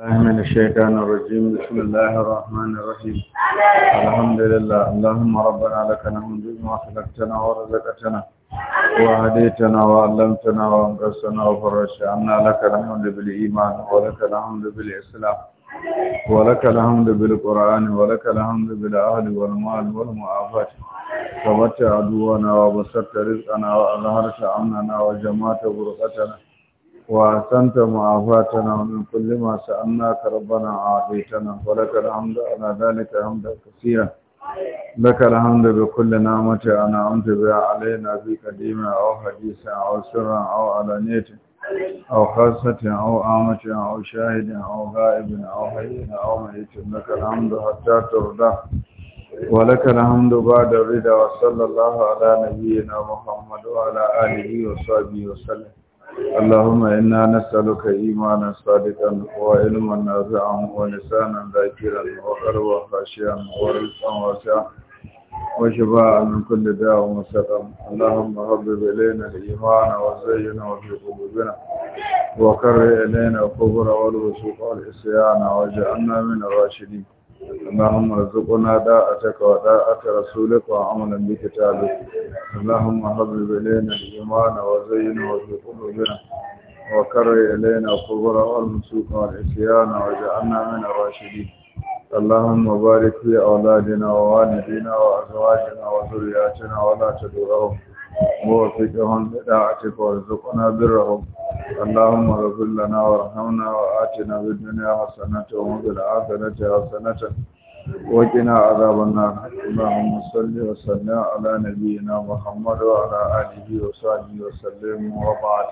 الله من الشيطان الرجيم بسم الله الرحمن الرحيم الحمد لله اللهم ربنا لك الحمد ما خلقتنا ورزقتنا وهديتنا وعلمتنا وانقذتنا وفرجت عنا لك الحمد بالايمان ولك الحمد بالاسلام ولك الحمد بالقرآن ولك الحمد بالأهل والمال والمعافات ثبت عدونا وبسطت رزقنا وأظهرت أمننا وجمعت غرفتنا وأحسنت معافاتنا ومن كل ما سألناك ربنا عافيتنا ولك الحمد على ذلك حمدا كثيرا لك الحمد بكل نعمة أنعمت بها علينا في قديمة أو حديثة أو سرا أو علانية أو خاصة أو عامة أو شاهد أو غائب أو حي أو ميت لك الحمد حتى ترضى ولك الحمد بعد الرضا وصلى الله على نبينا محمد وعلى آله وصحبه وسلم اللهم إنا نسألك إيمانا صادقا وعلما نافعا ولسانا ذاكرا وقلبا خاشعا ورزقا واسعا وشفاء من كل داء وسقم اللهم حبب إلينا الإيمان وزينا وفي قلوبنا وكره إلينا الكفر والوسوق والعصيان واجعلنا من الراشدين اللهم ارزقنا داءتك وداءة رسولك وعملا بكتابك اللهم حبب إلينا الإيمان وزينه في قلوبنا وكرر إلينا الكبر والمسوك والعصيان واجعلنا من الراشدين اللهم بارك في أولادنا ووالدينا وأزواجنا وذرياتنا ولا تدرهم ووفقهم لطاعتك وارزقنا برهم اللهم اغفر لنا وارحمنا واتنا بالدنيا الدنيا حسنة وفي الآخرة حسنة وقنا عذاب النار اللهم صل وسلم على نبينا محمد وعلى آله وصحبه وسلم وبعد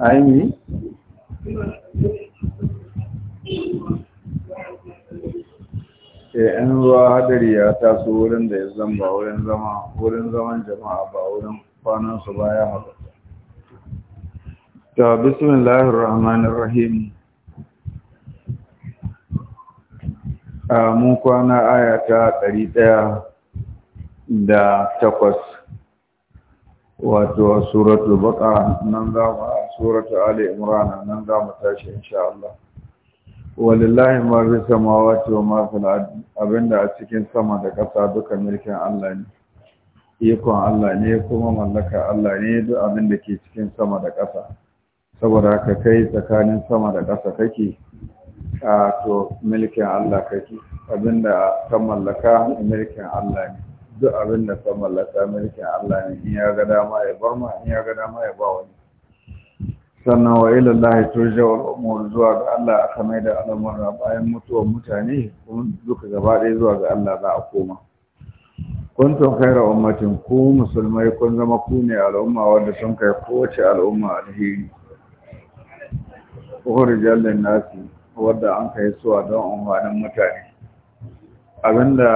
ainihi yan eh, ruwa hadari ya taso wurin da ya zamba wurin zama wurin zaman jama'a ba wurin kwanan ba ya haɗu ta bismillahir rahmanir rahim a mun kwana aya ta ɗari ɗaya da takwas wato suratul baqara nan za mu suratul ali imran nan za mu tashi insha Allah walillahi ma fi samawati wa ma fil ard abinda a cikin sama da ƙasa duka mulkin Allah ne ikon Allah ne kuma mallaka Allah ne duk abin ke cikin sama da ƙasa saboda haka kai tsakanin sama da ƙasa kake a to mulkin Allah kake abinda ka mallaka mulkin Allah ne duk abin da ka mallaka mulkin Allah ne in ya ga dama ya bar ma in ya ga dama ya ba wani sannan wa ila Allah turja'ul umur zuwa ga Allah aka mai da al'amura bayan mutuwar mutane kuma duka gaba ɗaya zuwa ga Allah za a koma kuntum khaira ummatin ku musulmai kun zama ku ne al'umma wanda sun kai kowace al'umma alheri ukhrijal linnasi nasi wadda an kai suwa don amfanin mutane abinda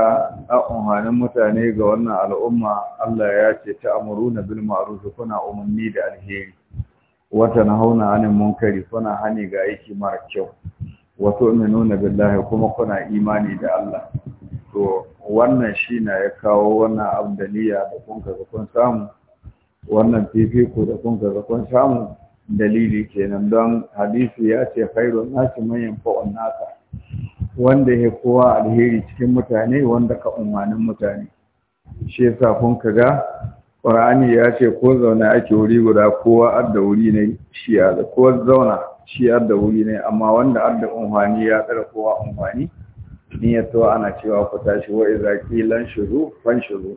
a umarnin mutane ga wannan al'umma Allah ya ce ta amuruna bil ma'ruf kuna umarni da alheri wata na hauna anin munkari kuna hani ga aiki mara kyau wa tu'minuna billahi kuma kuna imani da Allah to wannan shi na ya kawo wannan abdaliya da kun ga kun samu wannan fifiko da kun ga kun samu dalili kenan don hadisi ya ce khairun nasi man yanfa'un nasa wanda ya kowa alheri cikin mutane wanda ka umarnin mutane shi yasa kun kaga Qur'ani ya ce ko zauna ake wuri guda kowa adda wuri ne shi ya da, ko zauna shi adda wuri ne amma wanda adda umarni ya tsara kowa umarni Ni ya to ana cewa ku tashi wa idza qilan shuru fan shuru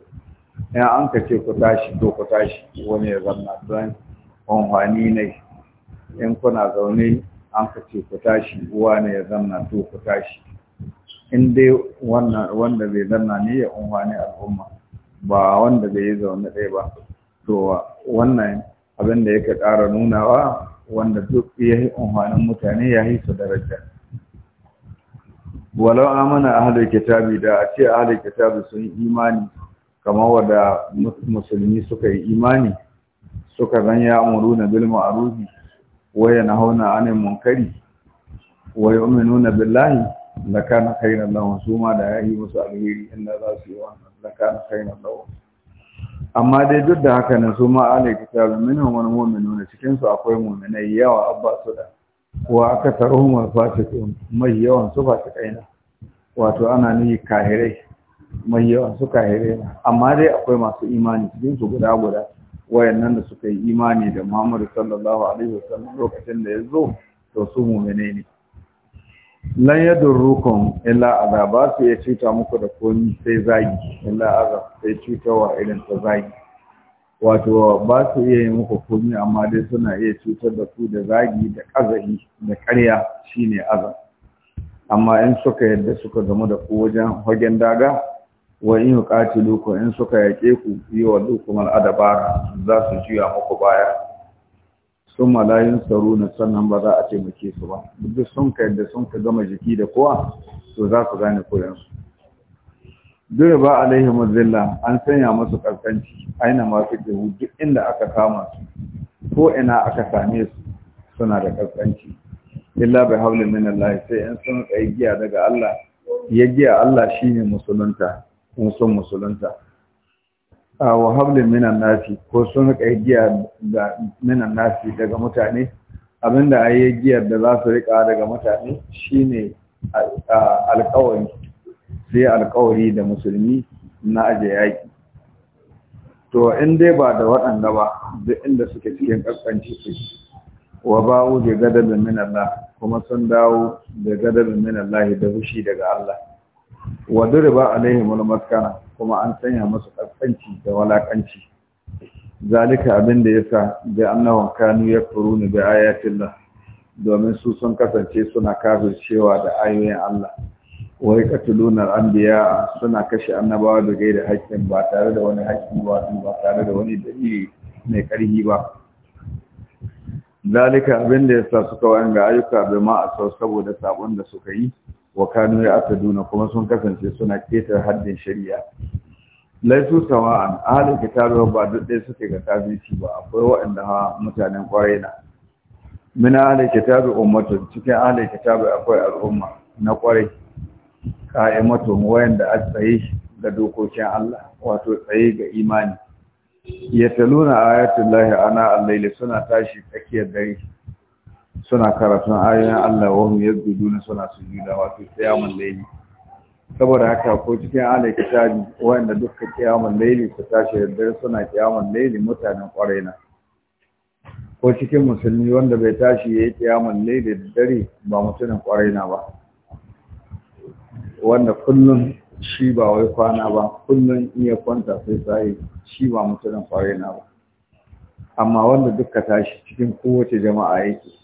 ya an ka ce ku tashi to ku tashi wani ya zanna don umarni ne in kuna zaune an ka ce ku tashi uwa ne ya zanna to ku tashi in dai wanda bai zanna ne ya umfani al'umma ba wanda bai yi zaune ɗaya ba to wannan abin da yake ƙara nunawa wanda duk ya yi umfanin mutane ya yi su daraja walau amana ahlul kitabi da a ce a ahlul kitabi sun yi imani kamar wadda musulmi suka yi imani suka zan ya na bil na wa yanhauna anin munkari wa na billahi la kana khairan lahum su ma da yayi musu alheri inda za su yi wannan la kana khairan lahum amma dai duk da haka nan su ma alai kitabu minhum wal mu'minun cikin su akwai mu'minai yawa abba su da wa aka akatharuhum al fasiqun mai yawan su kaina? wato ana ni kahirai mai yawan su kahirai amma dai akwai masu imani cikin su guda guda wayannan da suka yi imani da Muhammadu sallallahu alaihi wasallam lokacin da ya zo to su mu'mine ne lan rukun illa ba su ya cuta muku da komi sai zagi illa aza sai cutarwa irin ta zagi wato ba su iya yi muku komi amma dai suna iya cutar da ku da zagi da kazahi da karya shine aza amma in suka yadda suka zama da ku wajen hagen daga wa in yuqatiluku in suka yake ku yi wa dukkan al za su juya muku baya sun malayin tsaro na sannan ba za a taimake su ba duk sun ka yadda sun ka gama jiki da kowa to za ku gane koyansu dole ba a alaihi mazilla an sanya masu ƙarƙanci aina masu jihu duk inda aka kama su ko ina aka same su suna da ƙarƙanci illa bai haulin min Allah sai yan sun tsaye giya daga Allah ya giya Allah shine musulunta in sun musulunta wa hablin minan nasi ko sun rika giya da minan nasi daga mutane abinda a yi giyar da za su rika daga mutane shine alkawari sai alkawari da musulmi na aje yaki to in dai ba da waɗanda ba duk inda suke cikin ƙasƙanci su wa ba da gadabin min Allah kuma sun dawo da gadabin min Allah da fushi daga Allah wa duriba alaihim al-maskana kuma an sanya musu kaskanci da walaƙanci. zalika abin da yasa da annahum kanu ya da bi ayatillah domin su sun kasance suna kafin cewa da ayoyin Allah wa yaqtuluna an biya suna kashe annabawa da gaida haƙƙin ba tare da wani haƙƙin ba ba tare da wani dalili mai ƙarfi ba zalika abin da yasa suka wanga ayyuka bai ma a sau saboda sabon da suka yi wa kanu ya duna kuma sun kasance suna ketar haddin shari'a laisu sawa'an ahalin kitabi ba duk ɗaya suke ga tabici ba akwai waɗanda ha mutanen kwarai na mina ahalin kitabi ummatu cikin ahalin kitabi akwai al'umma na kwarai ka'imatun wayanda a tsaye ga dokokin Allah wato tsaye ga imani yataluna ayatul lahi ana al suna tashi tsakiyar dare suna karatun ayoyin Allah wa hum yasjuduna suna sujuda wato qiyamul layli saboda haka ko cikin ala kitabi wanda duka qiyamul layli su tashi yadda suna qiyamul layli mutanen kwarai na ko cikin musulmi wanda bai tashi yayi qiyamul layli da dare ba mutanen kwarai na ba wanda kullum shi ba wai kwana ba kullum iya kwanta sai sai shi ba mutanen kwarai na ba amma wanda duka tashi cikin kowace jama'a yake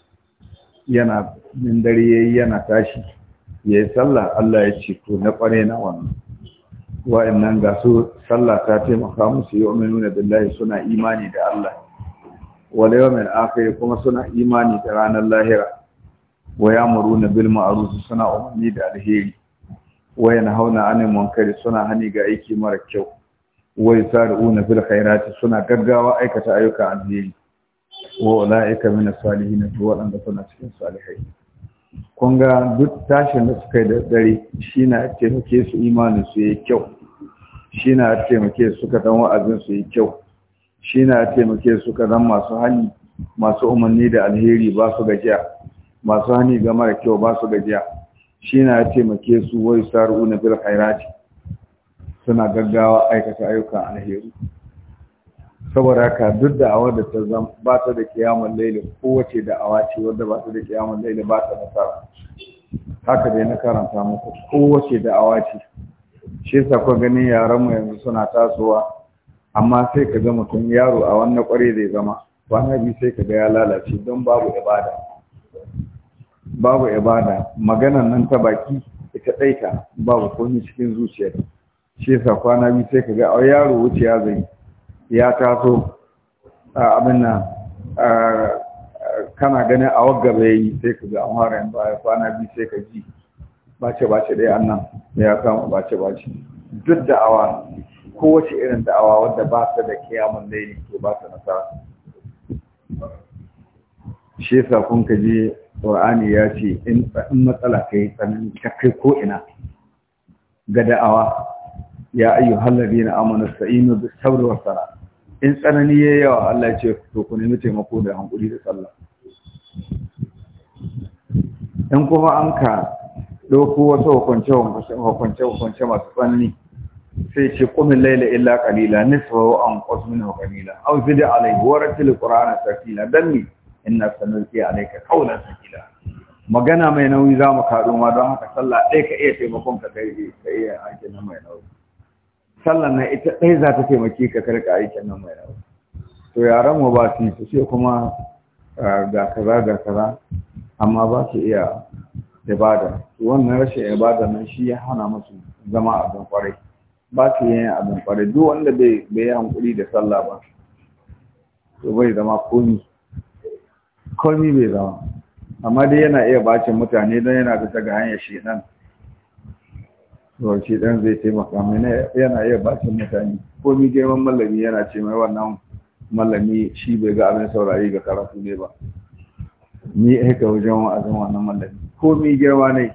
yana min dare yi yana tashi Ya yi sallah Allah ya ce to na kware na wannan nan ga su sallah ta taimaka musu nuna billahi suna imani da Allah wal aka yi kuma suna imani da ranar lahira wa na bil ma'arusu suna umarni da alheri wa hauna anin wankari suna hani ga aiki mara kyau wa na bil khairati suna gaggawa aikata ayyuka alheri wa ula'ika min as-salihin to waɗanda suna cikin salihai kun ga duk tashin da suka yi da dare shi na taimake su imanin su yi kyau shi na taimake su ka dan wa'azin su yi kyau shi na taimake su ka dan masu hani masu umarni da alheri ba su gajiya masu hani ga mara kyau ba su gajiya shi na taimake su wai saru na bil khairati suna gaggawa aikata ayyukan alheri saboda haka duk da awa da ta zama ba ta da kiyamun laili kowace da awa ce wadda ba ta da kiyamun laili ba ta nasara haka dai na karanta muku kowace da awa ce shi yasa ganin yaran mu yanzu suna tasowa amma sai ka ga mutum yaro a wannan kware zai zama kwana biyu sai ka ga ya lalace don babu ibada babu ibada maganan nan ta baki ita ɗaita babu komai cikin zuciyar shi yasa kwana biyu sai ka ga yaro wuce ya zai ya taso abin nan kana ganin a wagga bai yi sai ka ga an fara baya kwana biyu sai ka ji bace bace dai annan ya samu bace bace duk da'awa kowace irin da'awa wadda ba ta da kiyamun laili ko ba ta nasara shi yasa kun ka ji Qur'ani ya ce in matsala kai tsanani ta kai ko ina ga da'awa ya ayyuhal ladina amanu sa'inu bis sabri was salat in tsanani ya yawa Allah ya ce to ku nemi taimako da hankuli da sallah in kuma an ka ɗauko wasu hukunce-hukunce masu tsanani sai ce kumin laila illa kalila nisfahu an qasmin wa qalila aw zid alayhi wa ratil qur'ana sakila danni inna sanulqi alayka qawlan sakila magana mai nauyi za mu kado ma don haka sallah ɗaya ka iya taimakon ka kai ka iya aikin mai nauyi sallan na ita ɗaya za ta taimake ka karka aikin nan mai rawa to yaran mu ba su yi su ce kuma ga kaza ga kaza amma ba su iya ibada wannan rashin ibada nan shi ya hana musu zama abin kwarai ba su yin abin kwarai duk wanda bai yi hankuri da sallah ba to bai zama komi komi bai zama amma dai yana iya bacin mutane don yana fita ga hanyar shi nan. to shi dan zai taimaka mai yana iya bacin mutane ko mi girman mallami yana ce mai wannan mallami shi bai ga abin saurari ga karatu ne ba ni aika wajen wa azan wannan mallami ko mi girma ne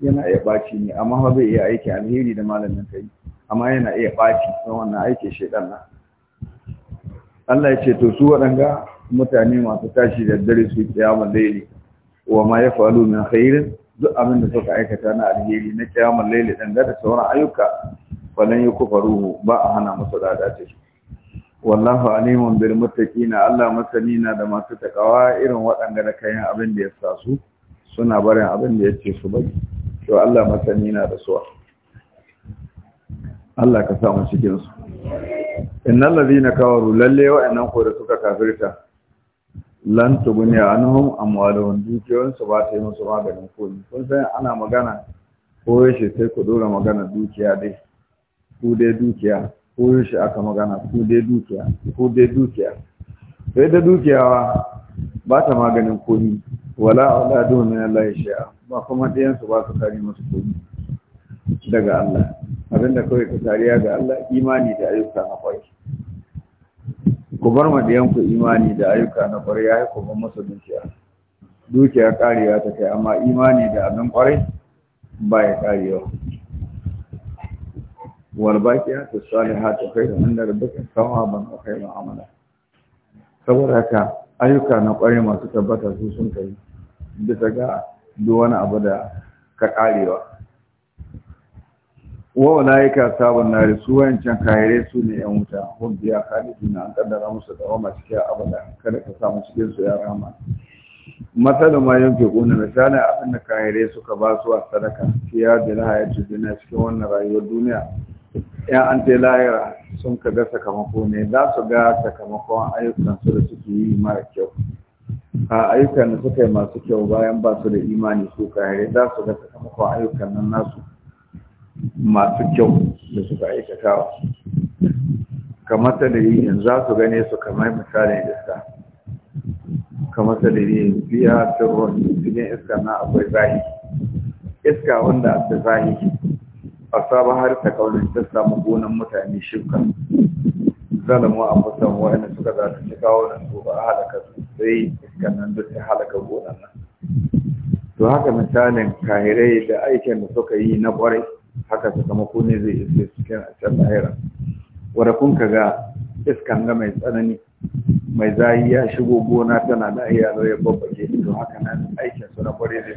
yana iya baci ne amma ba zai iya aiki alheri da malamin kai amma yana iya baci don wannan aiki shaidan nan. Allah ya ce to su waɗanga mutane masu tashi da dare su kiyama laili wa ma yafalu min khairin duk abin da suka aikata na alheri na kiyamun laili ɗan da sauran ayyuka falan yi ruhu, ba a hana musu da dace wallahu alimun bil muttaqina Allah masani na da masu takawa irin waɗanda da kayan abin da ya sa su suna barin abin da yake su bari to Allah masani na da suwa. Allah ka sa mu cikin su innal ladina kawaru lalle wa'annan ko da suka kafirta lan tuguni anhum amwaluhum su ba ta yi musu maganin komi kun san ana magana ko yaushe sai ku dora magana dukiya dai ku dai dukiya ko yaushe aka magana ku dai dukiya ku dai dukiya sai da dukiyawa ba ta maganin komi wala auladu min Allah shi'a ba kuma ɗayansu ba su kare musu komi daga Allah abinda kawai ka kariya ga Allah imani da ayyuka na kwai ku bar ma da yanku imani da ayyuka na kwarai ya yi bar masa dukiya dukiya karewa ta kai amma imani da abin kwarai ba ya karewa wal baqiya tu kai, khairun inda rabbika ban wa khairun amala saboda haka ayyuka na kwarai masu tabbata su sun kai bisa ga duk wani abu da ka karewa wa ulaika sabon nari su wancan kayare su ne yan wuta hum biya khaliduna an kaddara musu da wama cikin abada kada ka samu cikin su ya rama matsala ma yanke kuna misali abin da kayare suka ba su a sadaka fiya da lahayar duniya cikin wannan rayuwar duniya ya an ta lahira sun ka ga sakamako ne za su ga sakamakon ayyukan su da suke yi mara kyau a ayyukan da suka yi masu kyau bayan ba su da imani su kayare za su ga sakamakon ayyukan nan nasu masu kyau da suka aikatawa kamar dalilin za su gane su kamar misalin iska kamar dalilin biya ta ruwan cikin iska na akwai zahi iska wanda ta zahi a sabon har ta kaunin ta samu gonan mutane shuka zalamu a musamman wa'ina suka za su ci kawo nan ba a halaka sai iska nan duk ta halaka gonan nan to haka misalin kahirai da aikin da suka yi na kwarai haka sakamako ne zai iske cikin a can lahira wadda kun ka ga iskan ga mai tsanani mai zayi ya shigo gona tana da iya ya ke ido haka nan aikin su na kware zai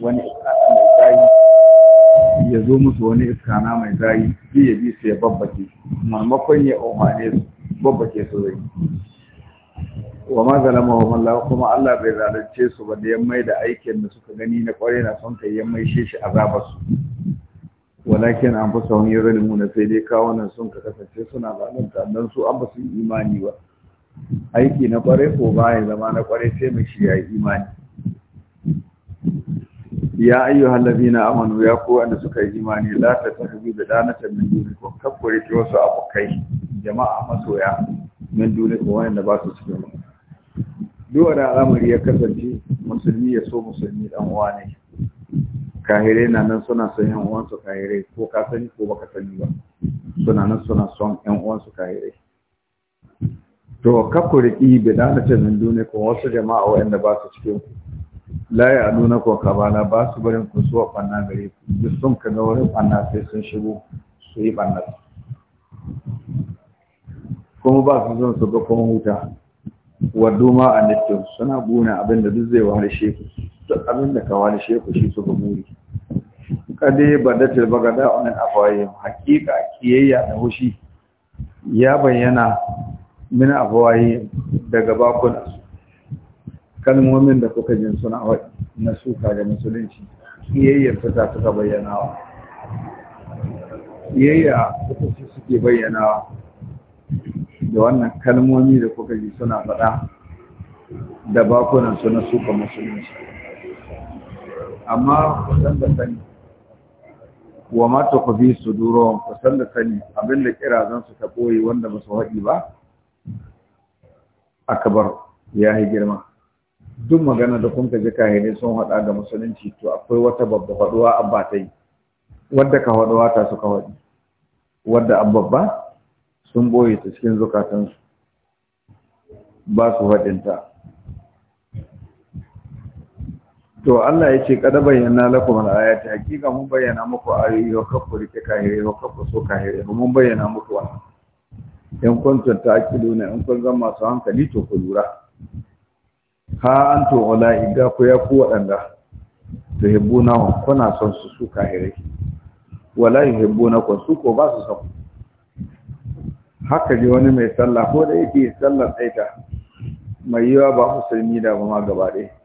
zo musu wani iska na mai zayi ya zo musu wani iska na mai zayi bi ya bi su ya babba ke. maimakon ya umarne su ke su zai wa ma zalamahum Allah kuma Allah bai zalunce su ba da yammai da aikin da suka gani na kware na son kai yammai shi shi azabar su walakin an fasa wani yau na sai dai kawunan sun ka kasance suna zalunta don su an ba su imani ba aiki na kwarai ko baya zama na kwarai sai mai shi ya yi imani ya ayyu halabina amanu ya ko wanda suka yi imani la ta tahbi da ta min ko kakkure ki wasu abokai jama'a masoya min ko wanda ba su cikin mu duk wani al'amari ya kasance musulmi ya so musulmi dan uwa ne kahire na nan suna son yan uwansu kahire ko ka sani ko baka sani ba suna nan suna son yan uwansu kahire to kakku ki bi da ta min dune ko wasu jama'a wanda ba su cikin ku la ya nuna ko kabala ba su barin ku suwa banna gare ku duk sun ka ga wurin banna sai sun shigo su yi banna kuma ba su son su ga kuma huta waddu a a suna gona abinda duk zai wahalshe ku duk abin da kawo da sheku shi su gumuri kade ba da tilbaga da wani afawaye hakika kiyayya da hushi ya bayyana min afawaye daga bakuna kalmomin da kuka jin suna waɗi na suka da musulunci kiyayyar ta suka bayyanawa kiyayya ita ce suke bayyanawa da wannan kalmomi da kuka ji suna faɗa da bakunansu na suka musulunci amma ku san da sani wa ma ku bi su duro ku san da sani abinda zan su ta koyi wanda ba su haɗi ba akabar ya yi girma duk magana da kun ka ji ne sun haɗa ga musulunci to akwai wata babba haɗuwa ba ta yi wadda ka haɗuwa ta suka haɗi wadda ababba sun boye ta cikin zukatansu ba su haɗinta to Allah ya ce kada bayyana lakum al-ayati hakika mun bayyana muku ayoyi wa kafu rike kahire wa kafu so kahire mun bayyana muku wannan in akidu ne in kun zama masu hankali to ku lura ha antu wala ga ku ya ku wadanda to hibbuna kuna son su su kahire wala na ku su ko ba su son haka ji wani mai sallah ko da yake sallar tsaita mai yiwa ba musulmi da ba ma gaba ɗaya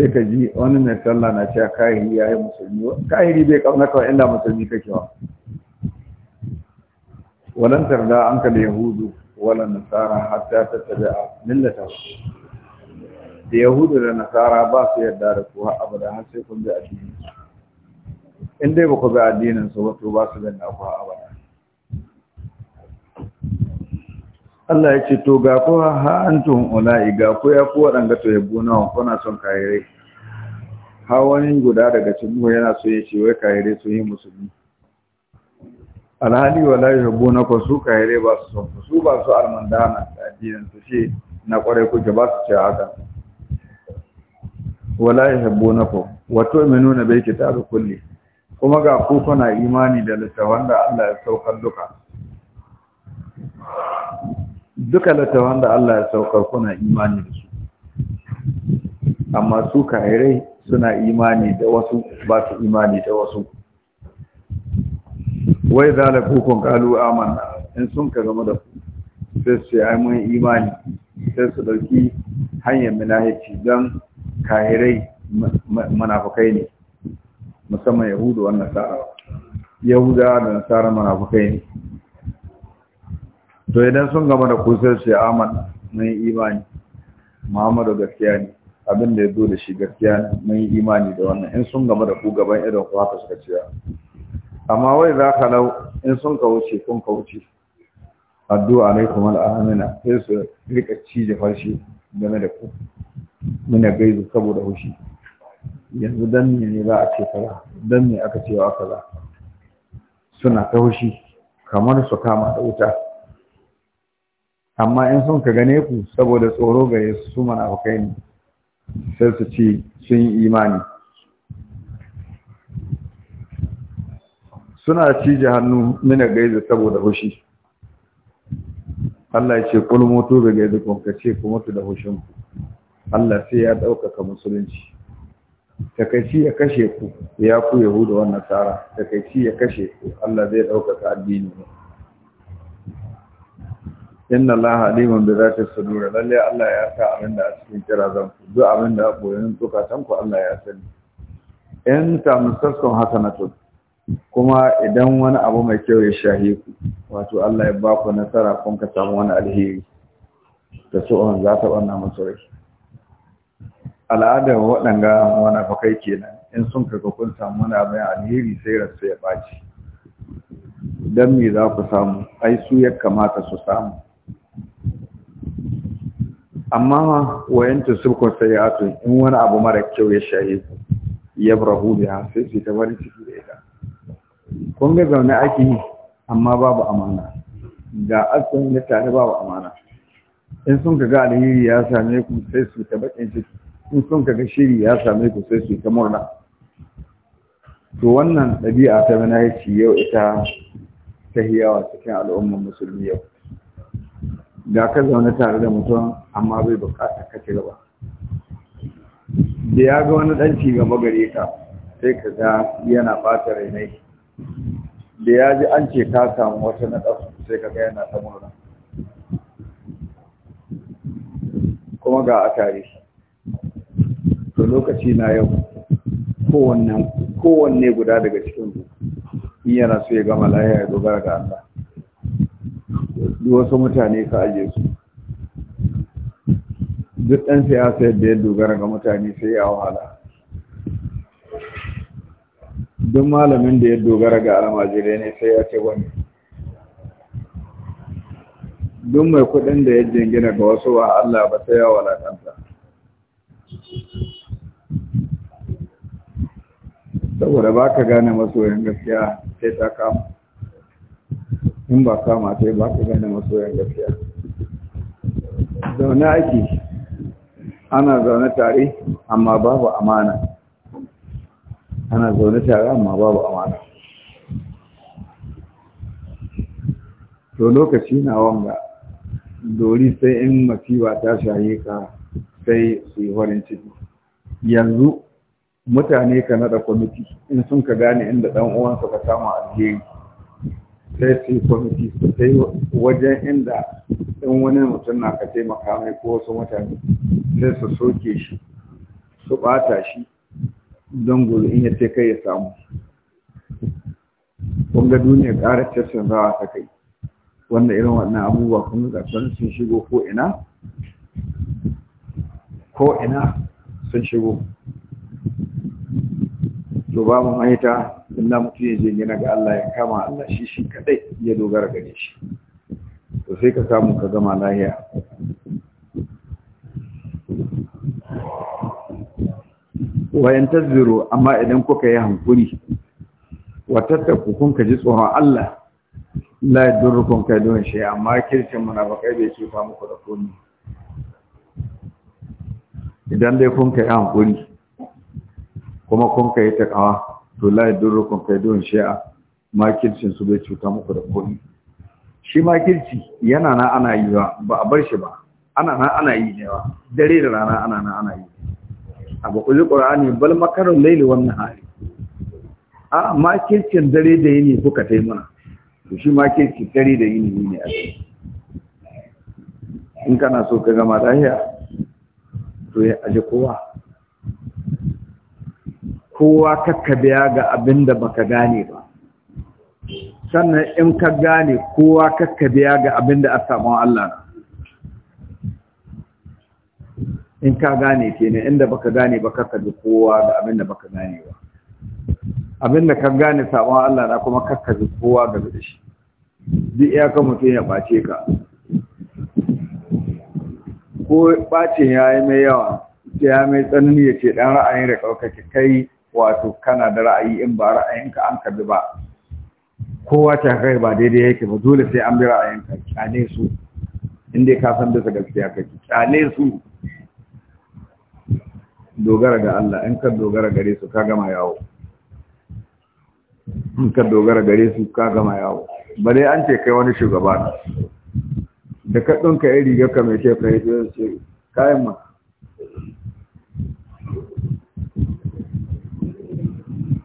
sai ka ji wani mai sallah na cewa kahiri ya yi musulmi kahiri bai kaunaka kawai inda musulmi kake wa walan tarda an ka da yahudu walan nasara hatta ta tabi'a millata da yahudu da nasara ba su yarda da ku har abada har sai kun bi addinin in dai ba ku bi addinin su wato ba su ganin ku har abada Allah ya ce to ga ku ha antum ulai ga ku ya ku wadanga to yabo na kuna son kayirai har wani guda daga cikin yana so ya ce wai kahire sun yi musulmi alhali wala yuhibbu na ku su kahire ba su son su ba su almandana da addinin su ce na kwarai kuke ba su ce haka wala yuhibbu na ku wa tu'minuna bil kitabi kulli kuma ga ku kuna imani da littafan da Allah ya saukar duka duka littafan da Allah ya saukar kuna imani da su amma su kahirai suna imani da wasu ba su imani da wasu wai zalakukun kalu amanna in sun ka gama da ku sai su ai mun imani sai su dauki hanyar munafici don kahirai munafukai ne musamman yahudu wannan sa'a yahuda da nasara munafukai ne to idan sun gama da ku sai su amanna mun imani muhammadu gaskiya ne abin da ya zo da shi gaskiya mun yi imani da wannan in sun gama da ku gaban irin ku haka suka ciya amma wai za ka lau in sun ka wuce kun ka wuce addu'a alaikum al'amina sai su rika cije farshe game da ku muna gaizu saboda hushi yanzu dan ne ne za a ce kaza dan ne aka cewa kaza suna ta hushi kamar su kama da wuta amma in sun ka gane ku saboda tsoro ga su mana hukai ne sai su ce sun yi imani suna cije hannu mina gaiza saboda hushi Allah ya ce kul mutu bi gaizikun ka ce ku mutu da hushin ku Allah sai ya ɗaukaka musulunci takaici ya kashe ku ya ku yahuda wannan tsara takaici ya kashe ku Allah zai ɗaukaka addini ne inna allaha da bi zati sudur lalle Allah ya sa abin da a cikin kirazan ku duk abin da yin zukatan ku Allah ya sani in tamsaskun hasanatun kuma idan wani abu mai kyau ya shahi ku wato Allah ya ba ku nasara kun ka samu wani alheri ta za ta banna musu Al'ada al'adar waɗanga bakai kenan in sun kaga kun samu wani abu alheri sai rasu ya ɓaci don me za ku samu ai su ya kamata su samu amma wayan ya sayatu in wani abu mara kyau ya shaye ku da ya sai su ta bari ciki da ita kun ga zaune ake yi amma babu amana ga asin da tare babu amana in sun ga alheri ya same ku sai su ta bakin ciki in sun ga shiri ya same ku sai su ta murna to wannan ɗabi'a ta mana yau ita ta hiyawa cikin al'ummar musulmi yau Da ka zaune tare da mutum amma bai bukata ka ci gaba da ya ga wani ɗanci ga gaba gare ka sai ka ga yana ɓata rainai da ya ji an ce ka samu wata na sai ka ga yana ta murna kuma ga a tare to lokaci na yau kowanne guda daga cikin in yana so ya gama lahiya ya dogara ga Allah duk wasu mutane ka aje su duk ɗan siyasa yadda ya dogara ga mutane sai ya wahala duk malamin da ya dogara ga almajirai ne sai ya ce wani duk mai kuɗin da ya jingina ga wasu wa Allah ba sai ya walakanta saboda ba ka gane masoyin gaskiya sai ta kama in ba kama ta ba ka gane masoyan gaskiya zaune ake ana zaune tare amma babu amana ana zaune tare amma babu amana to lokaci na wanga dori sai in masiwa ta shaye ka sai su yi horin ciki yanzu mutane ka nada kwamiti in sun ka gane inda ɗan uwansa ka samu alheri sai su yi kwamiti su kai wajen inda in wani mutum na ka taimaka mai ko wasu mutane sai su soke shi su ɓata shi don gobe in ya kai ya samu kun ga duniya ƙara cikin rawa ta kai wanda irin wannan abubuwa kun ga sun shigo ko ina ko ina sun shigo to ba mu maita Inna mutum ya je gina ga Allah ya kama Allah shi shi kadai ya dogara gare shi to sai ka samu ka gama lahiya wayan tazbiru amma idan kuka yi hankuri wa tattaku kun ka ji tsoron Allah la kai don shi. amma kirkin kai bai cuta muku da komai idan dai kun ka yi hankuri kuma kun ka yi takawa to la kai kaiduhum shi'a makircin su bai cuta muku da komai shi makirci yana na ana yi ba ba a bar shi ba ana na ana yi ne ba dare da rana ana na ana yi a ba kulli qur'ani bal makarul layli wan nahari a makircin dare da yini kuka tai mana to shi makirci dare da yini ne a in kana so ka gama lahiya to ya aje kowa kowa kakka biya ga abin da baka gane ba sannan in ka gane kowa kakka biya ga abin da a samu Allah in ka gane kenan inda baka gane ba kakka bi kowa ga abin da baka gane ba abin da ka gane sabon Allah na kuma kakka bi kowa ga da shi duk iyakar mutum ya ɓace ka ko ɓacin ya yi mai yawa ya mai tsanani ya ce ɗan ra'ayin da ɗaukaki kai wato kana da ra'ayi in ba ra'ayinka an karbi ba kowa ta kai ba daidai yake ba dole sai an bi ra'ayinka kyale su inda ka san bisa gaskiya kake kyale su dogara ga Allah in ka dogara gare su ka gama yawo in ka dogara gare su ka gama yawo ba dai an ce kai wani shugaba da ka ɗinka iri ga ka mai ce ka yi kayan ma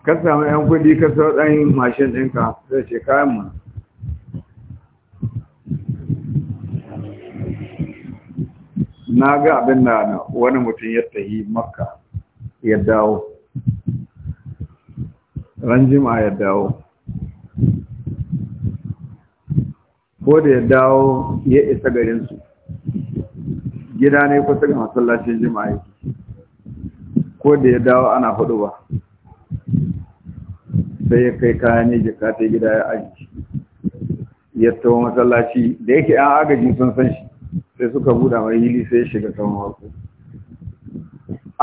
ka samu yan kudi ka sau ɗan mashin ɗinka zai ce kayan mu na ga abin da wani mutum ya tahi makka ya dawo ran jima ya dawo ko da ya dawo ya isa garinsu gida ne kusa ga masallacin jima'i ko da ya dawo ana hudu ba sai ya kai kayan ne jika ta gida ya aji ya tawo masallaci da yake an agaji sun san shi sai suka buɗa mai hili sai ya shiga kan wasu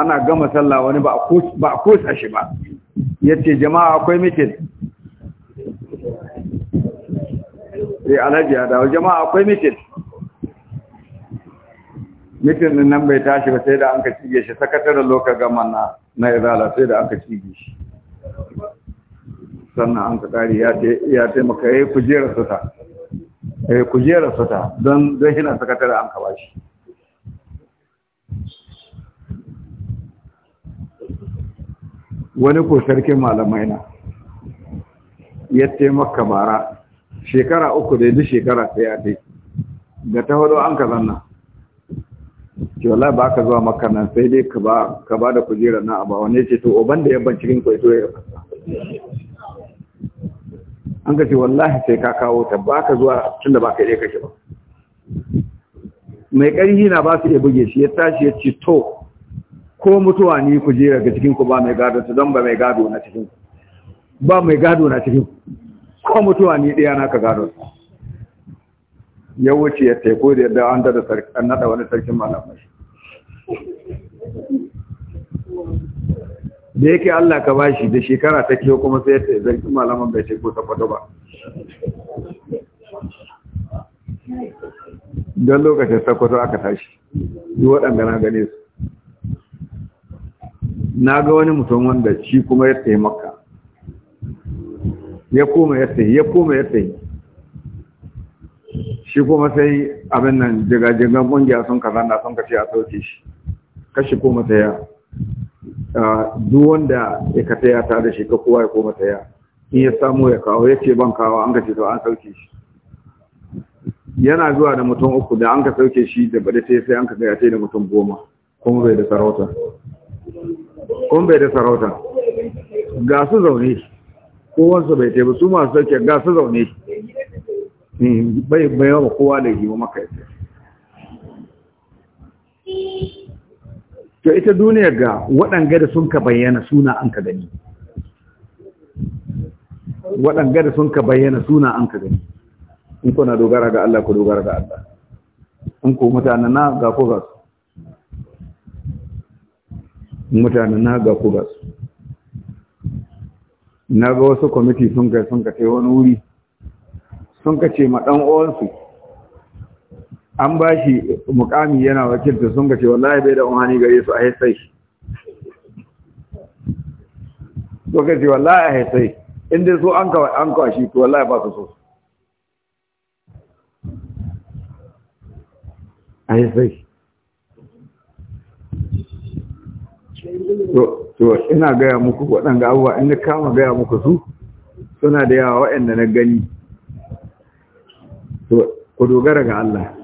ana gama sallah wani ba a kosa shi ba ya ce jama'a akwai mitin sai alhaji ya dawo jama'a akwai mitin mitin din nan bai tashi ba sai da an ka cige shi sakataren lokacin gama na izala sai da an ka cige shi sannan an ka ƙari ya taimaka ya yi kujerar sata ya kujerar suta don don hina sakatare an ka shi wani ko sarkin malamai na ya taimaka bara shekara uku da duk shekara ta ya dai ga ta hudu an ka zanna ke wala ba ka zuwa makarnan sai dai ka ba da kujera na abawa ne ce to oban da yabban cikin kwaito ya fasa an ka ce wallahi sai ka kawo ta ba ka zuwa tun da ba ka iya kashe ba mai ƙarfi na ba su iya buge shi ya tashi ya ce to ko mutuwa ni ku je daga cikin ku ba mai gado ta don ba mai gado na cikin ku ba mai gado na cikin ko mutuwa ni ɗaya na ka gado ya wuce ya taiko da yadda an da an naɗa wani sarkin malamai da yake Allah ka bashi da shekara ta kiyo kuma sai ta zargi malaman bai ce ko ta kwado ba don lokacin sakwato aka tashi yi waɗanda na gane su na ga wani mutum wanda shi kuma ya tsaye maka ya koma ya tsaye ya koma ya tsaye shi kuma sai abin nan jigajigan ƙungiya sun kaza na sun kashe a sauke shi kashi koma tsaye ya duk wanda ya ka taya ta da shi ka kowa ya koma taya in ya samu ya kawo ya ce ban kawo an ka ce to an sauke shi yana zuwa da mutum uku da an ka sauke shi da bada ta sai an ka gaya ta da mutum goma kuma bai da sarauta kuma bai da sarauta ga su zaune kowansu bai taibu su masu sauke ga su zaune hmm, bai bayan kowa da yi wa maka to ita duniyar ga waɗanga da sun ka bayyana suna an ka gani waɗanga da sun ka bayyana suna an ka gani in na dogara ga Allah ku dogara ga Allah in ku mutanen na ga ku ga su mutanen na ga ku ga su na ga wasu kwamiti sun kai sun ka kai wani wuri sun ka ce ma ɗan'uwansu. uwansu an ba shi mukami yana wakilta sun ga ce wallahi bai da umarni gare su a haisai so to ce wallahi a haisai inda so an kawai an kawai shi to wallahi ba su so a haisai to ina gaya muku waɗanda abubuwa inda kama gaya muku su suna da yawa waɗanda na gani to ku dogara ga Allah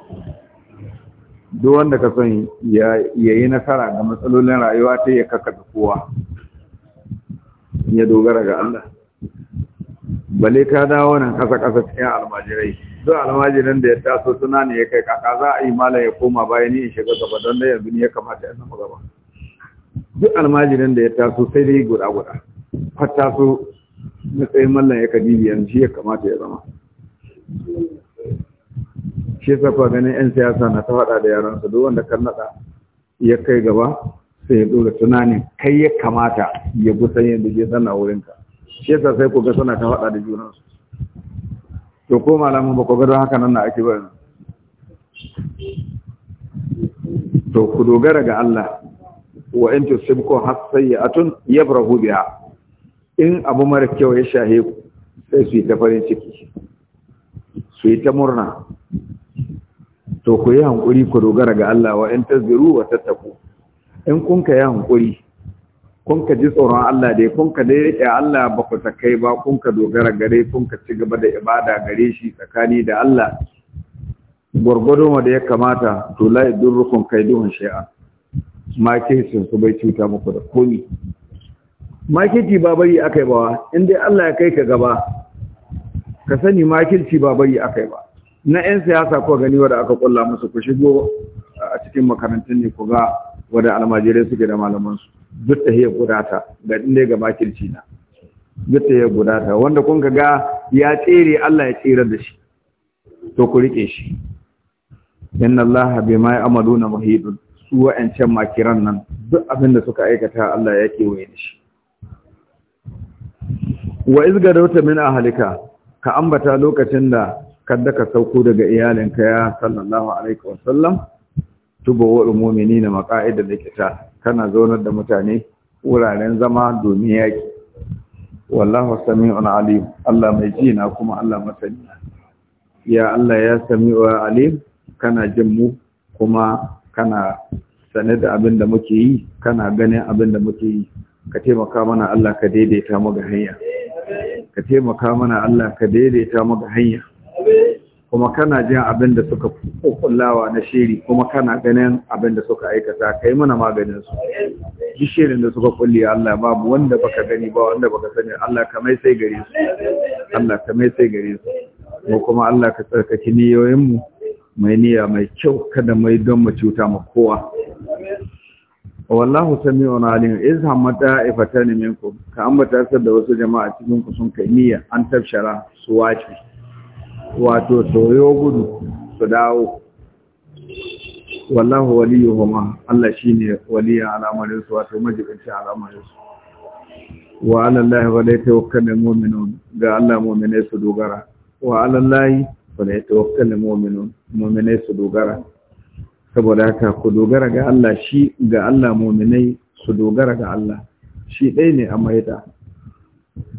duk wanda ka son ya yi nasara ga matsalolin rayuwa ta ya kakkaɓe kowa ya dogara ga Allah bale ka dawo nan kasa-kasa cikin almajirai duk almajiran da ya taso suna ne ya kai kaka za a yi mala ya koma bayan ya shiga gaba don da yanzu ne ya kamata ya zama gaba duk almajiran da ya taso sai dai guda-guda har na matsayin mallan ya kadi biyan shi ya kamata ya zama shi yasa kuwa ganin yan siyasa na ta faɗa da yaran su duk wanda kan nada ya kai gaba sai ya dora tunanin kai ya kamata ya gusan yadda ke sanna wurin ka shi yasa sai ku ga suna ta faɗa da junan su to ko malamin ba ku ga don haka nan na ake ba to ku dogara ga Allah wa in tusibku hasayatun yabrahu biha in abu mara kyau ya shahe ku sai su yi ta farin ciki su yi ta murna to ku yi hankuri ku dogara ga Allah wa in tazbiru wa tattaku in kun ka yi hankuri kun ka ji tsoron Allah dai kun ka dai ya Allah ba ku takai ba kun ka dogara gare kun ka ci gaba da ibada gare shi tsakani da Allah gwargwado ma da ya kamata to la yadurrukum kaiduhum shay'a sun su bai cuta muku da komi makirci ba bari akai ba in dai Allah ya kai ka gaba ka sani makirci ba bari akai ba na 'yan siyasa ko gani wadda aka kulla musu ku shigo a cikin makarantun ne ku ga wadda almajirai suke da malamansu duk da ya gudata ga inda ga makirci na duk da ya gudata wanda kun ga ya tsere Allah ya tsere da shi to ku rike shi inna Allah ma ya'maluna muhidun su wa'ancan makiran nan duk abin da suka aikata Allah ya kewaye da shi wa izgarauta min ahalika ka ambata lokacin da kadda ka sauko daga iyalinka ya sallallahu alaihi wasallam tubo wa mu'mini na maqa'ida likita kana zaunar da mutane wuraren zama domin yaki wallahu sami'un alim Allah mai ji na kuma Allah masani ya Allah ya sami'u alim kana jin mu kuma kana sane da abin da muke yi kana ganin abin da muke yi ka taimaka mana Allah ka daidaita mu ga hanya ka taimaka mana Allah ka daidaita mu ga hanya kuma kana jin abin da suka kullawa na shiri kuma kana ganin abin da suka aikata kai mana maganin su gishirin da suka kulle Allah babu wanda baka gani ba wanda baka sani Allah kamai sai gare su Allah kamai sai gare su mu kuma Allah ka tsarkake niyoyin mu mai niyya mai kyau kada mai don mu cuta ma kowa wallahu sami'un alim iz hamata ifatani minkum ka ambata da wasu jama'a cikin ku sun kai niyya an tafshara su wace wato soyo gudu su dawo wallahu waliyuhuma Allah shine waliya al'amarin su wato majibinci al'amarin su wa alallahi wa laita tawakkalu mu'minun ga Allah muminai su dogara wa alallahi wa laita tawakkalu mu'minun mu'minai su dogara saboda haka ku dogara ga Allah shi ga Allah mu'minai su dogara ga Allah shi ɗaya ne a maida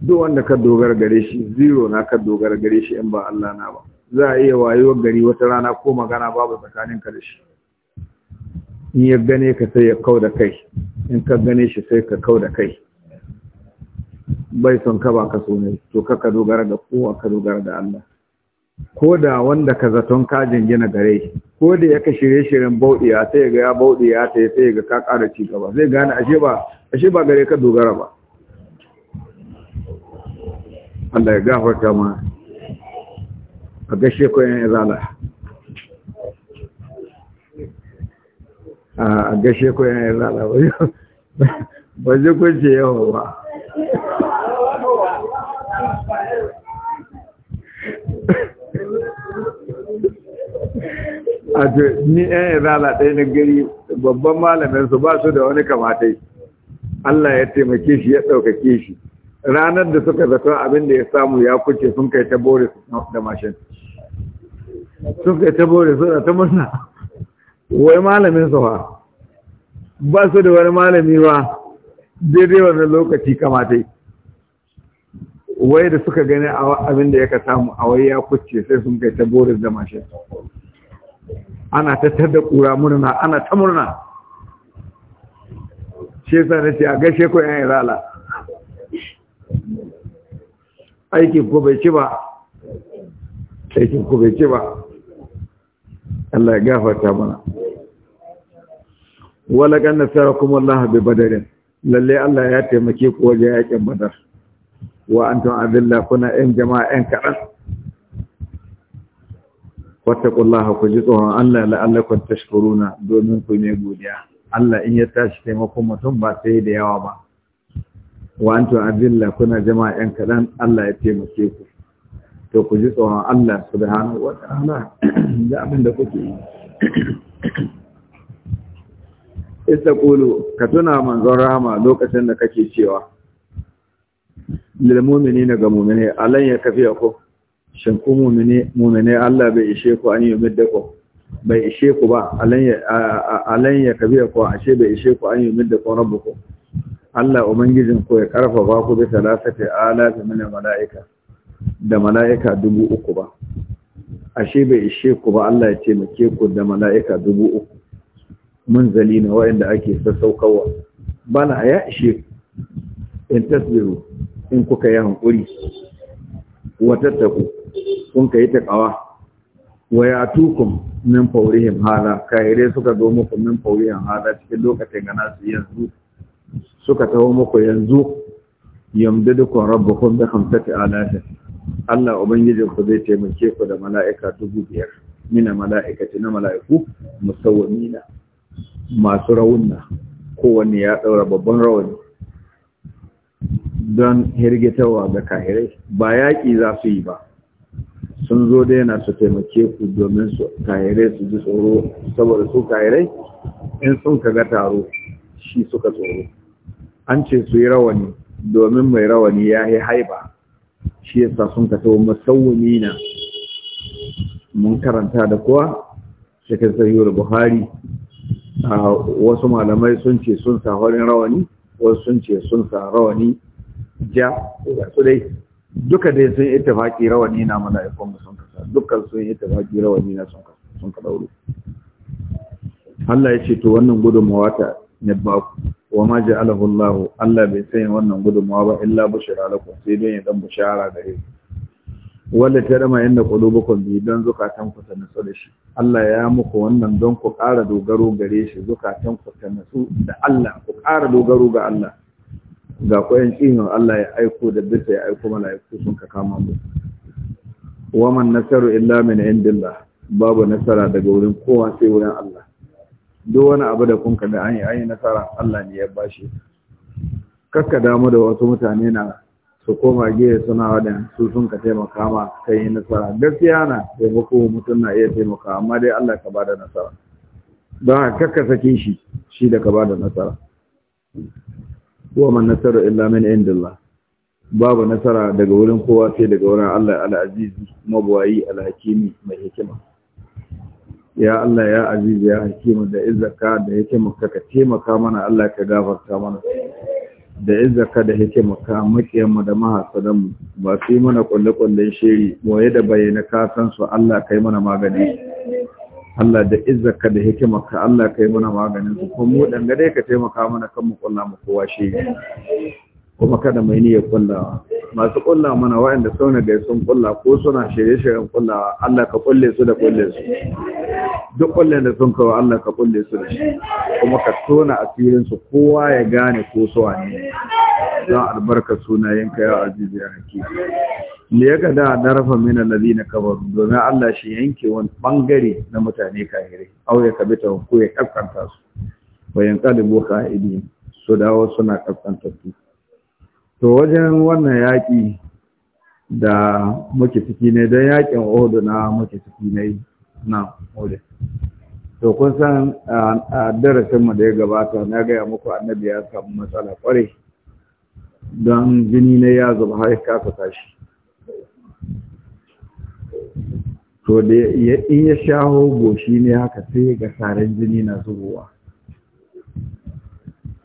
duk wanda ka dogara gare shi zero na ka dogara gare shi in ba Allah na ba za a iya wayo gari wata rana ko magana babu tsakanin ka da shi in ya gane ka sai ya kau da kai in ka gane shi sai ka kau da kai bai son ka ba ka so ne to ka ka dogara ga kowa ka dogara da Allah ko da wanda ka zaton ka jingina gare ko da ya ka shirye-shiryen ya sai ga ya bauɗiya ta sai ga ka ƙara ci gaba zai gane ashe ba ashe ba gare ka dogara ba Allah ya gafarta ma a gashe ko yan izala a gashe ko yan izala ba zai kunce yawa ba a ce ni yan izala ɗaya na gari babban malamin su ba su da wani kamatai Allah ya taimake shi ya ɗaukake shi ranar da suka zato abin da ya samu ya kuce sun kai ta bore da mashin sun kai ta bore suna ta murna wai malamin su ba ba su da wani malami ba daidai wani lokaci kamata wai da suka gani abin da ya samu a wai ya kuce sai sun kai ta bore da mashin ana tattar da kura murna ana ta murna shi na ce a gashe ko yan irala aikin ku bai ci ba aikin ku bai ci ba Allah ya gafarta mana wala kan kuma Allah bi badarin lalle Allah ya taimake ku waje yakin badar wa antum adilla kuna in jama'a ɗan kaɗan wattaqullaha ku ji tsoron Allah la'allakum tashkuruna domin ku ne godiya Allah in ya tashi taimakon mutum ba sai da yawa ba wa azilla kuna jama'a yan kadan Allah ya taimake ku to ku ji tsoron Allah subhanahu wa ta'ala da abin da kuke yi Kulu ka tuna manzon rahama lokacin da kake cewa lil mu'minina ga mu'mini alan ya kafi ko shin ku mu'mini mu'mini Allah bai ishe ku an yumidda ku bai ishe ku ba alan ya alan ya kafiya ku ashe bai ishe ku an yumidda ku rabbukum Allah ubangijin ko ya karfafa ku bi salasati alafi min malaika da malaika dubu uku ba ashe bai ishe ku ba Allah ya ce taimake ku da malaika dubu uku Mun zali na wa'anda ake sassaukawa bana ya ishe in tasbiru in kuka yi hankuri wa tattaku kun kai takawa wa tukun min fawrihim hala kaire suka zo muku min fawrihim hala cikin lokacin gana su yanzu suka taho muku yanzu yamdidukum rabbukum bi khamsati alafin Allah ubangijin ku zai taimake ku da mala'ika dubu biyar mina mala'ikati na mala'iku musawwamina masu raunna kowanne ya daura babban rauni. don hirgitawa ga kahirai ba yaƙi za su yi ba sun zo da yana su taimake ku domin su kahirai su ji tsoro saboda su kahirai in sun kaga taro shi suka tsoro an ce su yi rawani domin mai rawani ya yi haiba shi ya sa sun kato tawo na mun karanta da kuwa cikin sahihul buhari wasu malamai sun ce sun sa horin rawani wasu sun ce sun sa rawani ja ga su dai duka dai sun ittifaki rawani na mana kuma sun kasa dukkan sun ittifaki rawani na sun kasa sun ka ɗauru Allah ya ce to wannan gudunmawa ta ne ba ku wa ma ja'alahu Allah Allah bai sanya wannan gudunmawa ba illa bushara lakum sai dai ya dan bushara gare ku wanda ta rama inda qulubukum bi dan zukatan ku ta natsu da shi Allah ya muku wannan don ku ƙara dogaro gare shi zukatan ku ta natsu da Allah ku ƙara dogaro ga Allah ga koyan cihin Allah ya aiko da bisa ya aiko mala'iku sun ka kama mu wa man nasaru illa min indillah babu nasara daga wurin kowa sai wurin Allah duk wani abu da kun kada an yi an yi nasara Allah ne ya bashi kakka damu da wasu mutane na su koma gehe suna wadan su sun ka taimaka ma kai yi nasara gaskiya na taimako mutum na iya taimaka amma dai Allah ka bada nasara don kakka sake shi shi da ka bada nasara wa man nasara illa min indillah babu nasara daga wurin kowa sai daga wurin Allah al-aziz mabwayi al-hakimi mai hikima ya Allah ya aziz ya hakimu da izzaka da hikimarka ka taimaka mana Allah ka gafarta mana da izzaka da hikimarka makiyan mu da mahasadan mu ba su yi mana kulle kullen shiri moye da bayyana ka san su Allah kai mana magani Allah da izzaka da hikimarka Allah kai mana maganin su kuma mu dangane ka taimaka mana kan mu kulla mu kowa shiri kuma kada mai niyyar kullawa masu kullawa mana waɗanda sauna gaisun sun kulla ko suna shirye-shiryen kullawa Allah ka kulle su da kulle su duk kulle da sun kawo Allah ka kulle su da shi kuma ka tona asirin su kowa ya gane ko su wani don albarka yin kayo a ya haki me ya ga da darafa mina na kabaru domin Allah shi yanke wani bangare na mutane ka au ya kabita ko ya kaskanta su bayan kalibu ka'idi su dawo suna kaskanta su to wajen wannan yaƙi da muke ciki ne don yaƙin ohudu na muke ciki ne na ohudu to kun san a darasin mu da ya gabata na gaya muku annabi ya samu matsala kware don jini na ya zuba har kasa tashi to da in ya shaho goshi ne haka sai ga sarin jini na zubowa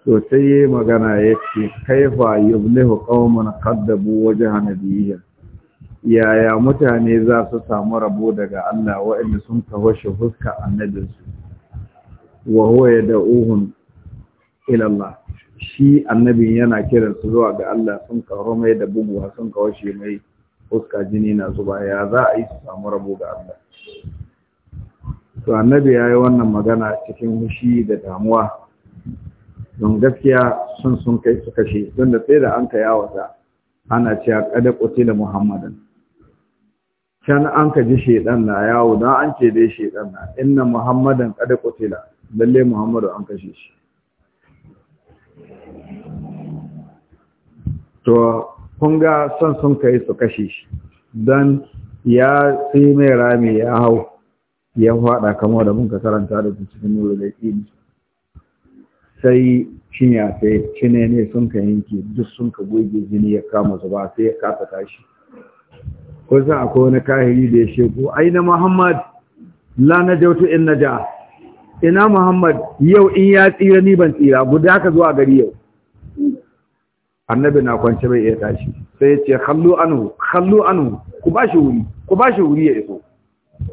to sai yi magana ya ce kaifa yublihu qauman wajen wajha nabiyya yaya mutane za su samu rabo daga Allah waɗanda sun kawo shi fuska annabinsu wa huwa yad'uhum ila Allah shi annabin yana kiransu zuwa ga Allah sun kawo mai da buguwa sun kawo shi mai fuska jini na zuba ya za a yi su samu rabo ga Allah to annabi ya yi wannan magana cikin hushi da damuwa don gaskiya sun sun kai su kashe don da tsaye da an ka yawata ana cewa kada da muhammadan can an ka ji shaidan na yawo don an ce dai shaidan na inna muhammadan kada da lalle muhammadu an kashe shi to kun ga son sun kai su kashe shi don ya sai mai rami ya hau ya faɗa kamar da mun ka karanta da cikin nuru da ƙini sai cinya sai cine ne sun ka yanke duk sun ka goge jini ya kama zuba sai ya kasa tashi ko sai akwai wani kahiri da ya sheko aina muhammad la najautu in naja ina muhammad yau in ya tsira ni ban tsira guda ka zuwa gari yau annabi na kwance bai iya tashi sai ya ce kallo anu anu ku ba shi wuri ku ba shi wuri ya iso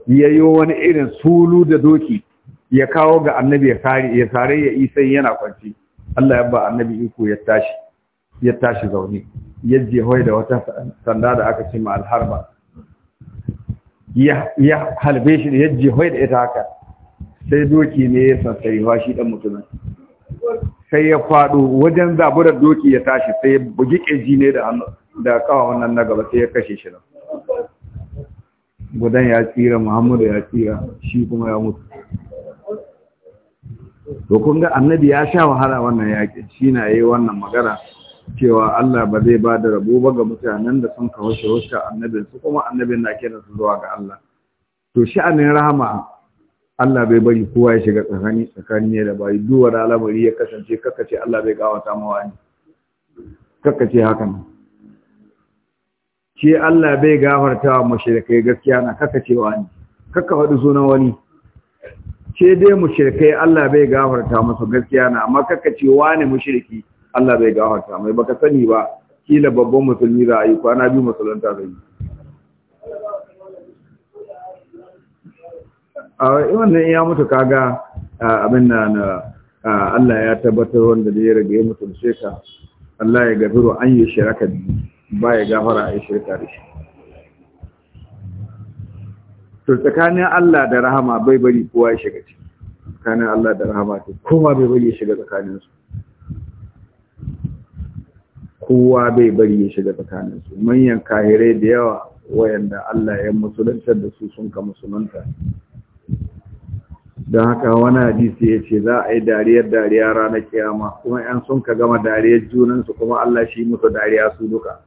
yayo wani irin sulu da doki ya kawo ga annabi ya kare ya sare ya isa yana kwanci Allah ya ba annabi iko ya tashi ya tashi zaune ya je hoye da wata sanda da aka ce ma alharba ya ya halbe shi ya je hoye da ita haka sai doki ne ya sansari ba shi dan mutumin sai ya fado wajen zaburar doki ya tashi sai ya bugi keji ne da hannu da kawawan wannan na gaba sai ya kashe shi nan gudan ya tsira muhammadu ya tsira shi kuma ya mutu to kun ga annabi ya sha wahala wannan yaƙi shi na yi wannan magana cewa Allah ba zai ba da rabo ba ga mutanen da sun kawo shi wasu annabin su kuma annabin na kenan su zuwa ga Allah to sha'anin rahama Allah bai bari kowa ya shiga tsakani tsakani ne da bai duwa da al'amari ya kasance kaka ce Allah bai gawata mawa ne kaka ce hakan ke Allah bai gafarta wa mashirikai gaskiya na kaka ce wa ne kaka faɗi sunan wani ce dai mushrikai Allah bai gafarta masu gaskiya na amma kaka ce wani shirki Allah bai gafarta mai baka sani ba kila babban musulmi za a yi kwana biyu musulunta zai yi a wannan ya mutu kaga abin na Allah ya tabbatar wanda da ya rage ya mutum Allah ya gafiro an yi shiraka ba ya gafara a yi shirka da shi to tsakanin Allah da rahama bai bari kowa ya shiga ciki tsakanin Allah da rahama to kowa bai bari ya shiga tsakanin su kowa bai bari ya shiga tsakanin su manyan kahirai da yawa wayanda Allah ya musulunta da su sun ka musulunta don haka wani hadisi ya ce za a yi dariyar dariya ranar kiyama kuma yan sun ka gama dariyar junansu kuma Allah shi musu dariya su duka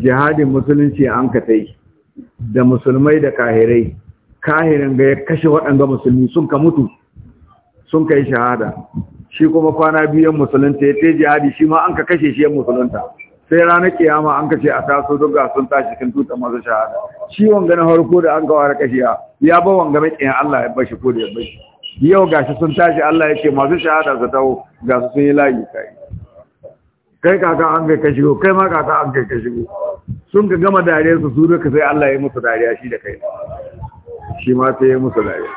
jihadin musulunci an ka ta yi da musulmai da kahirai kahirin ga ya kashe waɗanda musulmi sun ka mutu sun ka yi shahada shi kuma kwana biyan musulunta ya ce jihadi shi ma an ka kashe shi yan musulunta sai ranar kiyama an kashe a taso duka sun tashi sun tuta masu shahada shi wanga na farko da an ga wara kashe ya ba wanga mai kiyan Allah ya bashi ko da ya bashi yau gashi sun tashi Allah ya ce masu shahada su taho gasu sun yi layi kai kai kaka an kai ka shigo kai ma kaka an kai ka shigo sun ka gama dariya su su duka sai Allah ya musu dariya shi da kai shi ma sai ya musu dariya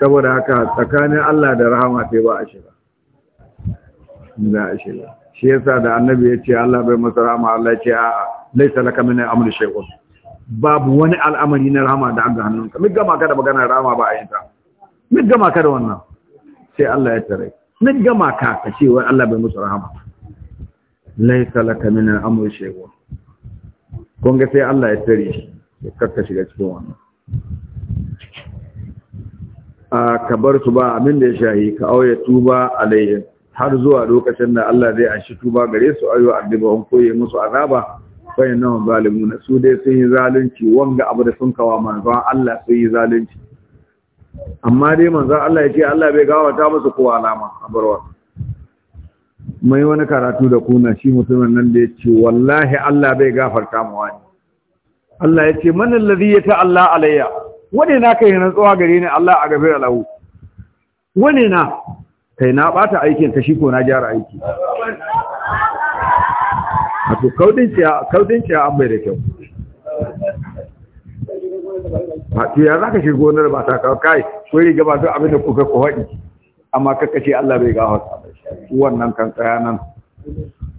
saboda haka tsakanin Allah da rahama sai ba a shiga za a shiga shi yasa da annabi ya ce Allah bai masa rahama Allah ya ce a'a laisa laka min amri shay'un babu wani al'amari na rahama da an ga hannunka mun gama ka da magana rahama ba a yin ta mun gama ka da wannan sai Allah ya tare na gama ka ka ce wa Allah bai musu rahama laisa laka min al-amri shay'un kun ga sai Allah ya tare shi ya karka shiga cikin wannan a ka bar su ba abin da ya shahi ka auye tuba alayhi har zuwa lokacin da Allah zai anshi tuba gare su ayo addiba on koyi musu azaba bayan nan zalimun su dai sun yi zalunci wanga abu da sun kawa manzon Allah sun yi zalunci amma dai manzan Allah ya ce Allah bai gawata musu kowa alama a barwa mai wani karatu da kuna shi mutumin nan da ya ce wallahi Allah bai gafarta mu wani Allah ya ce man allazi ya ta Allah alayya wani na kai tsowa gare ni Allah a gafira lahu wani na kai na bata aikin ka shi ko na jara aiki a to kaudin ciya kaudin ciya an bai da kyau to ya zaka shiga gonar ba ta kawo kai ko riga ba su abin da kuka ku amma kaka ce Allah bai gafarta wannan kan tsaya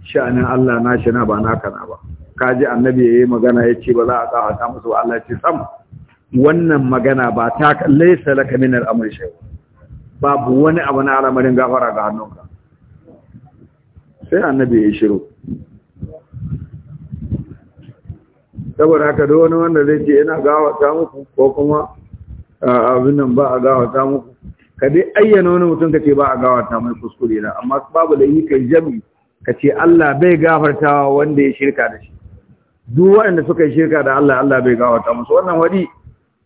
sha'anin Allah na shi na ba na kana ba ji annabi yi magana ya ce ba za a ta musu ba Allah ya ce sam wannan magana ba ta laisa salaka minar al'amri ba babu wani abu na al'amarin gafara ga hannunka sai annabi ya shiru saboda haka duk wani wanda zai ce ina gawata muku ko kuma abin nan ba a gawata muku ka dai ayyana wani mutum ka ce ba a gawata mai kuskure na amma babu da yi kai jami ka ce Allah bai gafartawa wanda ya shirka da shi duk waɗanda suka yi shirka da Allah Allah bai gawata musu wannan wadi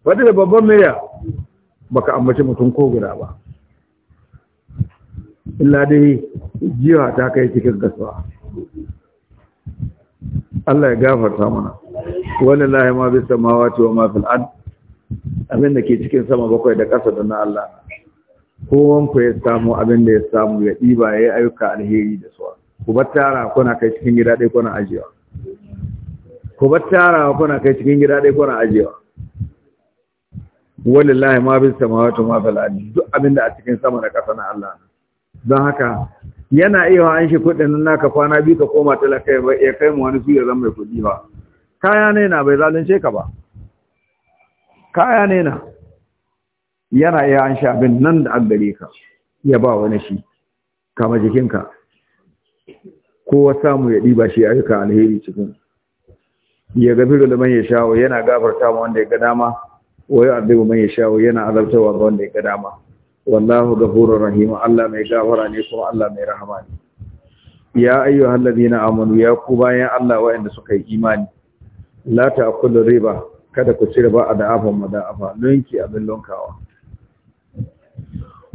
wadi da babban murya baka ambaci mutum ko guda ba illa dai jiwa ta kai cikin gasuwa Allah ya gafarta mana wallahi ma bis samawati wa ma fil ard abin da ke cikin sama bakwai da ƙasa da na Allah kowan ku ya samu abin da ya samu ya diba yi ayyuka alheri da su ku bar tara kuna kai cikin gida dai kuna ajiyewa ku bar tara kuna kai cikin gida dai kuna ajiyewa wallahi ma bis samawati wa ma fil ard duk abin da a cikin sama da ƙasa na Allah don haka yana iya an shi kuɗin naka kwana biyu ka koma talaka ya kai mu wani su ya zama mai kuɗi ba kaya ne na bai zalunce ka ba kaya ne na yana iya an shi abin nan da an gare ka ya ba wani shi kama jikinka kowa mu ya ɗiba shi ayyuka alheri cikin ya gafi da man ya shawo yana gafarta wanda ya ga dama wai ya addu'a man ya shawo yana azabtawa wanda ya ga dama wallahu ghafurur rahim Allah mai gafara ne kuma Allah mai rahama ne ya ayyuhal ladina amanu ya ku bayan Allah wa'anda suka yi imani la ta'kulu riba kada ku ci riba da afan madafa lunki abin lunkawa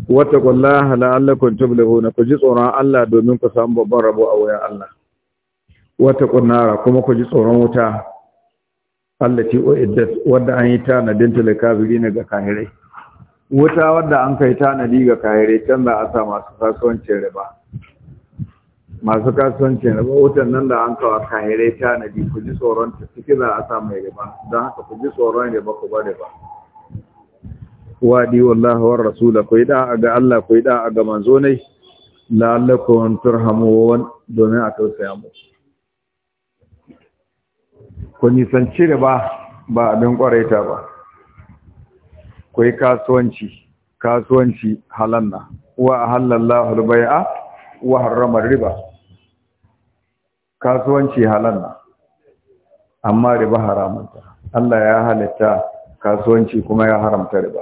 wata kullaha la'allakum tuflihuna ku ji tsoron Allah domin ku samu babban rabo a wurin Allah wata Nara kuma ku ji tsoron wuta allati uiddat wadda an yi tanadin talakazuri ne ga kahirai wuta wadda an kai tanadi ga kayare can da asa masu kasuwancin riba masu kasuwancin riba wutan nan da an kawo kayare tanadi ku ji tsoron ta ciki za a sa mai riba don haka ku ji tsoron riba ku ba riba wadi wallahi war rasula ku yi ga Allah ku yi ga manzo ne la'allakum turhamun domin a tausaya mu ku nisan cire ba ba abin kwareta ba ku kasuwanci kasuwanci kasuwanci halanna wa halallahu albai'a wa harrama riba kasuwanci halanna amma riba haramanta Allah ya halitta kasuwanci kuma ya haramta riba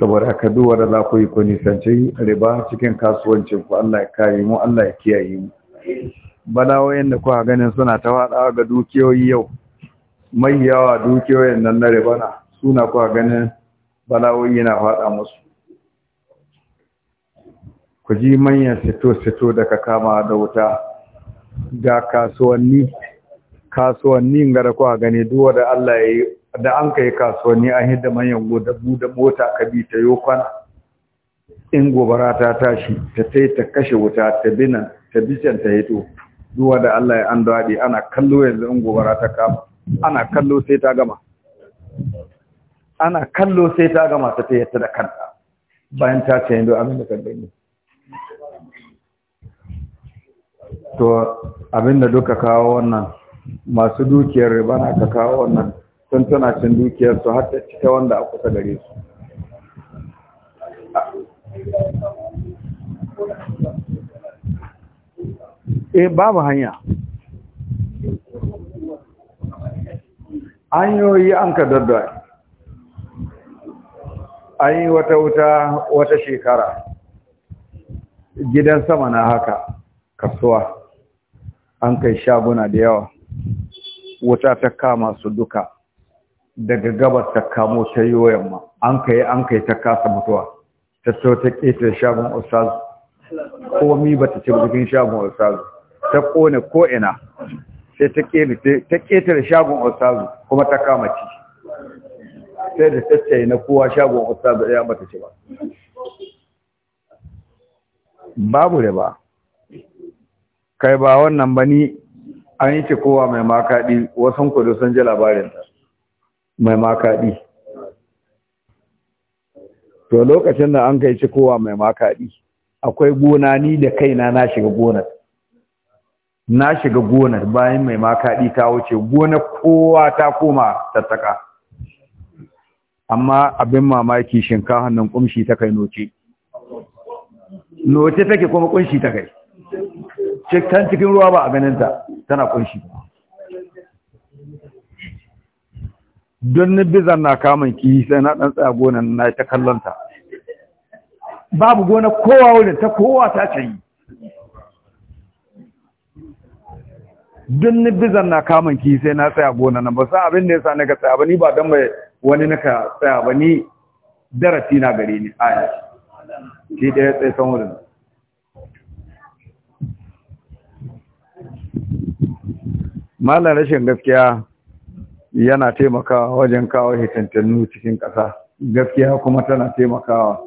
saboda ka duwa da za ku yi ku nisanci riba cikin kasuwancin ku Allah ya kare mu Allah ya kiyaye mu balawoyin da kuka ganin suna ta wadawa ga dukiyoyi yau mai yawa dukiyoyin nan na riba na suna kuwa ganin bala'o'i na faɗa musu ku ji manyan sito-sito daga kama da wuta ga kasuwanni kasuwanni ga da kuwa gani duwa da Allah ya yi da an yi kasuwanni a hidda manyan gudabu da mota ka bi ta yi kwana in gobara ta tashi ta sai ta kashe wuta ta bina ta bisan ta hito duwa da Allah ya an daɗi ana kallo yanzu in gobara ta kama ana kallo sai ta gama ana kallo sai ta gama ta yadda da kanta bayan ta ce yanzu abin da ka gani to abin da duka kawo wannan masu dukiyar riba na ka kawo wannan sun tana cin dukiyar su har ta cika wanda a kusa gare su eh babu hanya hanyoyi an ka daddare an yi wata wuta wata shekara gidan sama na haka kasuwa an kai shaguna da yawa wuta ta kama su duka daga gabas ta kamo ta yi yamma an kai an kai ta kasa mutuwa ta so ta ƙetare shagun ustazu komi ba ta ci bikin shagun ustazu ta ƙone ko'ina sai ta ƙetare shagon ustazu kuma ta kama ci sai da tattaye na kowa shagon usta da ya bata ci ba babu da ba, kai ba wannan bani an yi ce kowa mai makaɗi wasan da san ji ta mai makaɗi to lokacin da an kai ci kowa mai makaɗi akwai gona ni da kaina na shiga gonar na shiga gonar bayan mai makaɗi ta wuce gonar kowa ta koma tattaka amma abin mamaki shinkafa nan kumshi ta kai noce noce take kuma kunshi ta kai cikin cikin ruwa ba a ganinta tana kunshi don nibizan na kamun kiyi, sai na ɗan tsaya gonan na ta kallonta babu gona kowa wurin ta kowa ta ce yi don nibizan na kamun kiyi, sai na tsaya gonan ba sa abin da ya sa na ga tsaya ba ni ba don mai wani naka tsaya ba ni darasi na gare ni yi shi ɗaya tsaye san wurin malar rashin gaskiya yana taimakawa wajen kawo hitantannu cikin ƙasa gaskiya kuma tana taimakawa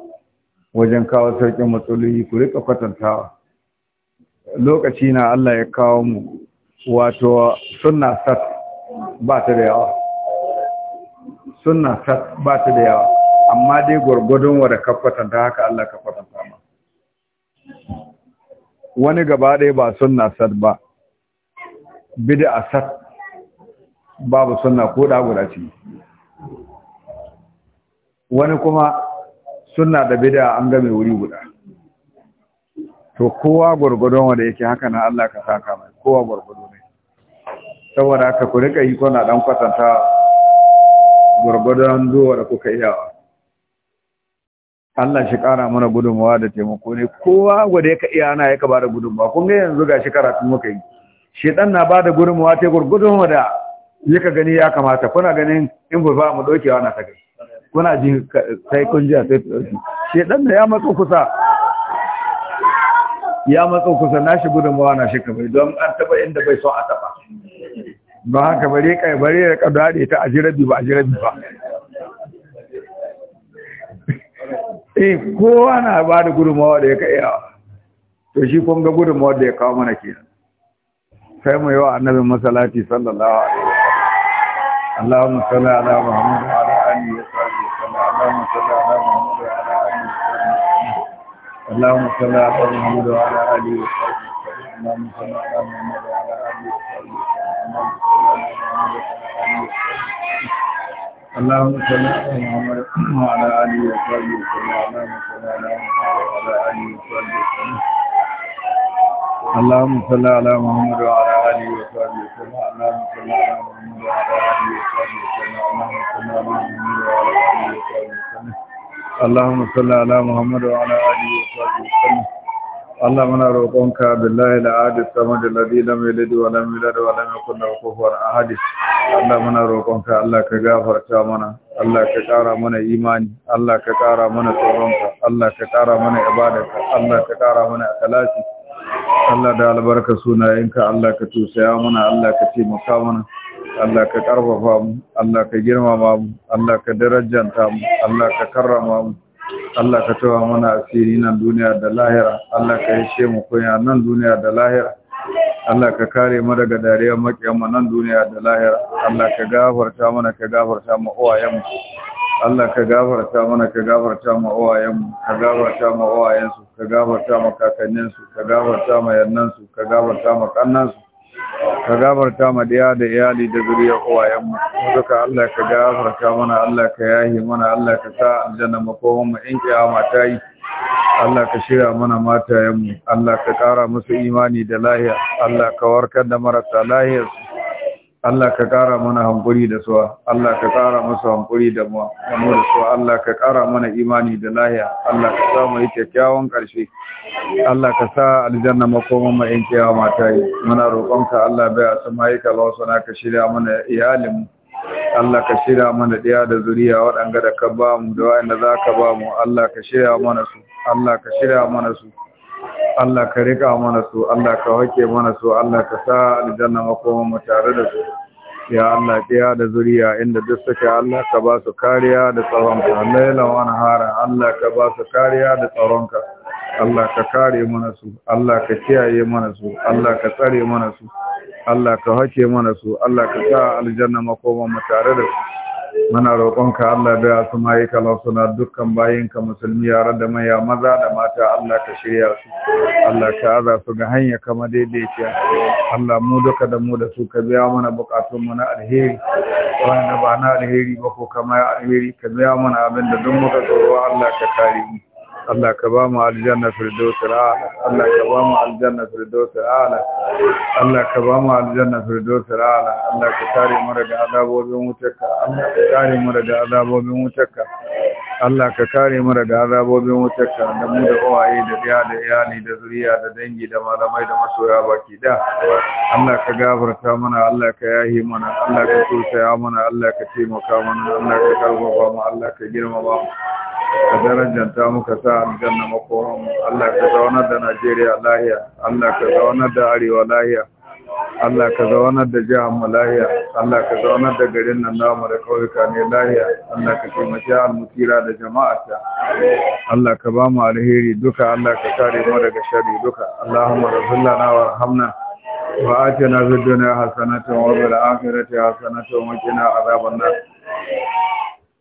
wajen kawo sauƙin matsaloli ku rika kwatantawa lokaci na Allah ya kawo mu wato sunna sat ba ta da yawa sunna ta ba ta da yawa amma dai gwargwadon wa da ka kwatanta haka Allah ka kwatanta ma wani gaba ɗaya ba sunna sat ba bid'a sat babu sunna ko da guda ce wani kuma sunna da bid'a an game wuri guda to kowa gwargwadon wanda yake haka na Allah ka saka mai kowa gwargwadon ne saboda haka ku rika yi kuna dan kwatanta gwargwadon dowa da kuka iyawa Allah shi ƙara mana gudunmawa da taimako ne kowa gwada ka iya ana yaka ba da gudunmawa kun ga yanzu ga shi karatun muka yi shedan na ba da gudunmawa ta gurgudun da ka gani ya kamata kuna ganin in ba mu wa na ta gani? kuna ji sai kun ji sai ta dauki shedan na ya matsa kusa ya matsa kusa na shi gudunmawa na shi kamar don an taɓa inda bai so a taɓa. ba haka bare kai bare ka dade ta ajirabi ba ajirabi ba eh kowa na ba da gudunmawa da ya kai yawa to shi kun ga gudunmawa da ya kawo mana kenan sai mu yi wa annabi masalati sallallahu alaihi wasallam sallam صل على ala وعلى اللهم صل على محمد وعلى اله وصحبه وسلم اللهم صل على محمد وعلى اله وصحبه وسلم اللهم صل على محمد وعلى اله وصحبه وسلم اللهم صل على محمد وعلى اله وصحبه وسلم اللهم صل على محمد وعلى اله وصحبه وصحبه وسلم Allah muna roƙonka billahi al-ahad samad alladhi lam yalid wa lam yulad wa lam yakul lahu kufuwan ahad Allah muna roƙonka Allah ka gafarta mana Allah ka ƙara mana imani Allah ka ƙara mana tsoronka Allah ka ƙara mana ibadarka Allah ka ƙara mana akhlaqi Allah da albarka sunayenka Allah ka tusaya mana Allah ka taimaka mana Allah ka ƙarfafa mu Allah ka girmama mu Allah ka darajanta mu Allah ka karrama mu Allah ka tawa mana asiri nan duniya da lahira Allah ka yashe mu kunya nan duniya da lahira Allah ka kare mu daga dariyar makiyan mu nan duniya da lahira Allah ka gafarta mana ka gafarta mu uwayen mu Allah ka gafarta mana ka gafarta mu uwayen mu ka gafarta mu uwayen su ka gafarta mu kakannin ka gafarta mu yannan ka gafarta mu kannan ka gafarta ma diya da iyali da zuriyar uwayenmu duka Allah ka gafarta mana Allah ka yahi mana Allah ka sa aljanna makomin mu in kiyama ta yi Allah ka shirya mana matayenmu Allah ka kara musu imani da lahiya Allah ka warkar da marasa lahiyarsu Allah ka ƙara mana hankuri da suwa Allah ka ƙara masa hankuri da mu da suwa Allah ka ƙara mana imani da lahiya Allah ka sa mu yi kyakkyawan ƙarshe Allah ka sa aljanna makoman mu in kiyama ta yi muna roƙonka Allah bai asmai ka lawsana ka shirya mana iyalin Allah ka shirya mana ɗaya da zuriya waɗanda da ka ba mu da waɗanda za ka ba mu Allah ka shirya mana su Allah ka shirya mana su Allah ka rika mana su Allah ka hake mana su Allah ka sa aljanna makoman mu tare da su ya Allah ɗaya da zuriya inda duk suke Allah ka ba su kariya da tsaron ka. laila wa hara Allah ka ba su kariya da tsaron ka, Allah ka kare mana su Allah ka kiyaye mana su Allah ka tsare mana su Allah ka hake mana su Allah ka sa aljanna makoman mu tare da su muna roƙonka Allah da ya su mayika suna dukkan bayinka musulmi yara da maya maza da mata Allah ka shirya su Allah ka aza su ga hanya kama daidaiciya Allah mu duka da mu da su ka biya mana bukatun mu na alheri wanda ba na alheri ba ko kama alheri ka biya mana abin da duk muka tsoro Allah ka kare mu Allah ka ba mu aljanna firdaus a'la Allah ka ba mu aljanna firdaus a'la Allah ka ba mu aljanna firdaus a'la Allah ka tare mu daga azabobin wutarka Allah ka tare mu daga azabobin wutarka Allah ka tare mu daga azabobin wutarka da mu da uwaye da biya da iyali da zuriya da dangi da malamai da masoya baki da Allah ka gafarta mana Allah ka yahi mana Allah ka tusaya mana Allah ka taimaka mana Allah ka karfafa mu Allah ka girmama mu ka darajanta muka sa aljanna makon Allah ka zaunar da Najeriya lahiya Allah ka zaunar da Arewa lahiya Allah ka zaunar da jihar mu lahiya Allah ka zaunar da garin nan namu da kauyuka ne lahiya Allah ka taimaki almutira da jama'ata Allah ka ba mu alheri duka Allah ka kare mu daga sharri duka Allahumma rabbana warhamna وآتنا في الدنيا حسنة وفي الآخرة wa وقنا عذاب النار